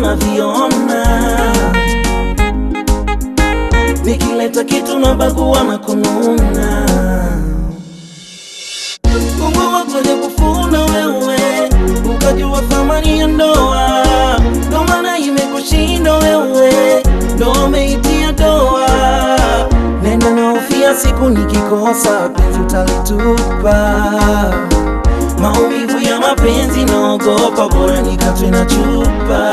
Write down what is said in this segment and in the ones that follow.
na viona nikileta kitu na bagua na kununa Mungu wakaja kufuna wewe, ukajua thamani ya ndoa, ndo maana imekushinda wewe, ndo umeitia doa. Nenda ufia siku nikikosa penzi utalitupa mapenzi naogopa, bora nikatwe na chupa,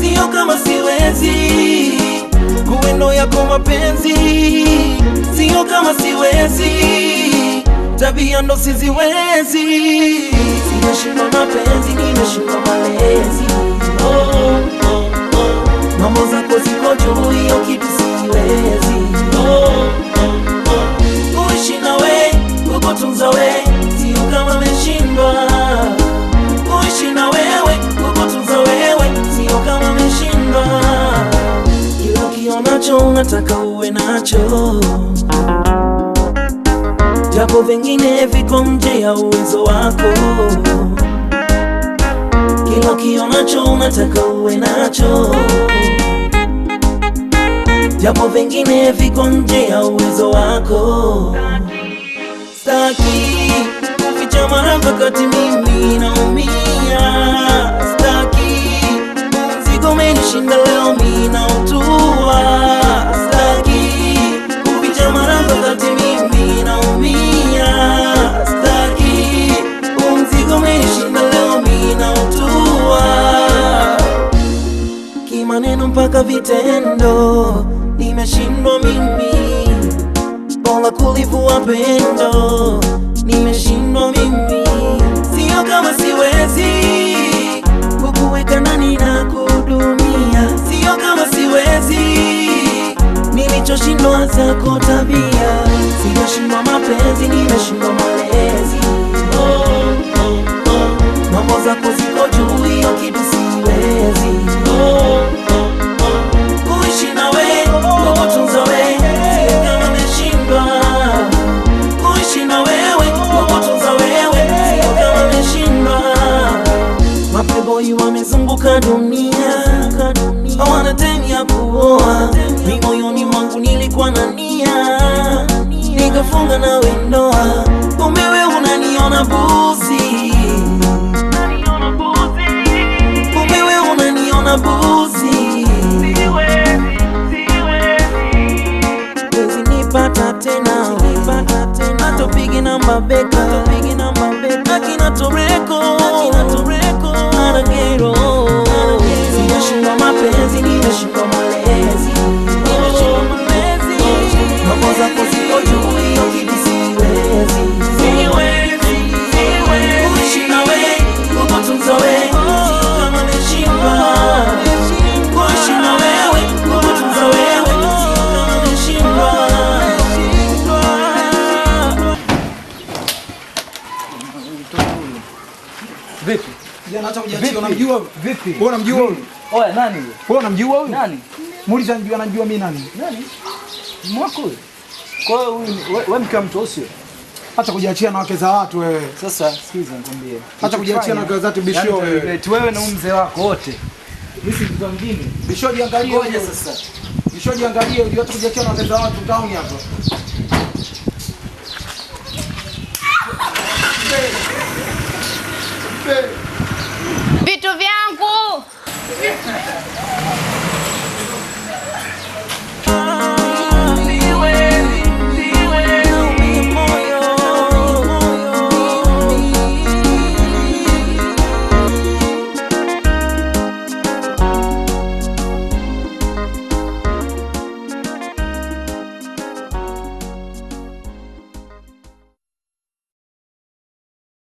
sio kama siwezi. Mwendo yako mapenzi, sio kama siwezi. Tabia ndo siziwezi, nimeshindwa mapenzi, nimeshindwa malezi. Oh, oh, oh. Mambo zako ziko juu, hiyo kitu siwezi. Oh, oh, oh. Kuishi nawe, kukutunza we nataka uwe nacho, japo vingine viko nje ya uwezo wako. Kila kionacho unataka uwe nacho, japo vingine viko nje ya uwezo wako. Staki. mpaka vitendo, nimeshindwa mimi, bora kulivua pendo, nimeshindwa mimi, sio kama siwezi kukuweka ndani na kudumia, sio kama siwezi nilichoshindwa zako tabia, sijashindwa mapenzi, nimeshindwa malezi mambo zako ziko juu, hiyo kitu siwezi kuoa, mimoyoni mwangu nilikuwa na nia, nikafunga na wendoa. Umewe unaniona buzi, umewe unaniona buzi. nipata tena, atopigi namba beka, akina toreko, anagero acha kujiachia. Unamjua Acha kujiachia na wake za watu wewe. Sasa sikiza nikwambie. Acha kujiachia na wake za watu bisho wewe. Wewe na mzee wako wote. Mimi si kitu kingine. Bisho jiangalie wewe sasa. Bisho jiangalie wewe acha kujiachia na wake za watu town hapa. Hey! Hey!